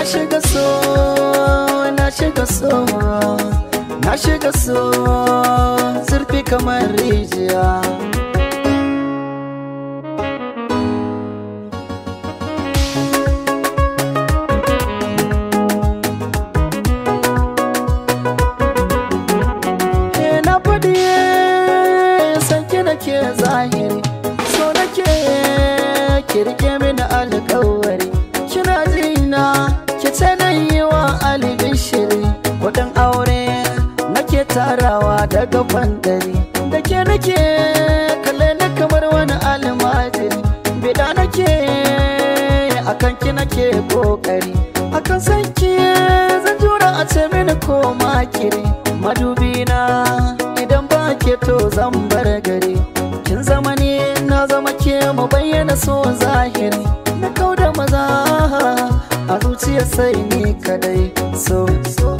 na shiga so na shiga so na shiga so zurfi kamar rijiya ke zahiri so nake kirge mini alkawari nake tarawa daga fandari da ke nake kalle na kamar wani almajiri bida nake akan ki nake kokari akan sanki zan jura a ce mini ko makiri madubi na idan ba ke to zan bar gari kin zama ne na zama ke mu bayyana so zahiri na kauda maza a zuciya sai ni kadai so so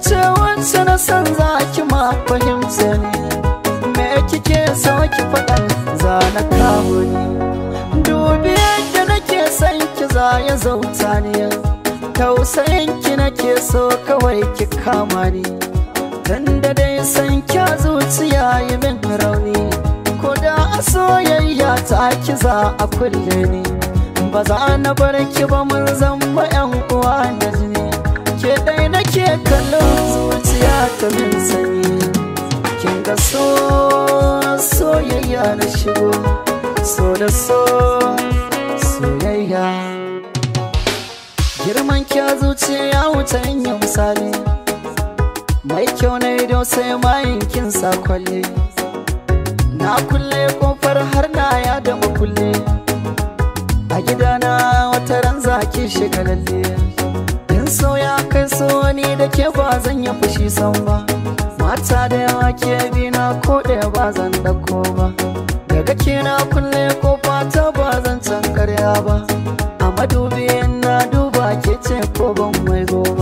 ce wance na san za ki ma fahimta ne. me kike so ki faɗa za na kawo ni dubi yadda nake san ki za ya zauta ne tausayin ki nake so kawai ki kama ni tanda dai san kya zuciya yi min rauni ko da a soyayya ta ki za a kulle ne. ba za na bar ki ba mun zama yan uwa ne so soyayya na shigo so da so soyayya girman kya ya wuce yin misali mai kyau na ido sai mayin kin sakwale na kulle kofar har na ya da makulle a gidana wata ran zaki shiga lalle in so ya kai so ni da ke ba zan yi fushi san ba mata da yawa ke bi na ko ɗaya ba zan ɗauko ba daga ke na kulle ko fata ba zan can karya ba a madubi na duba ke ce ko ban waigo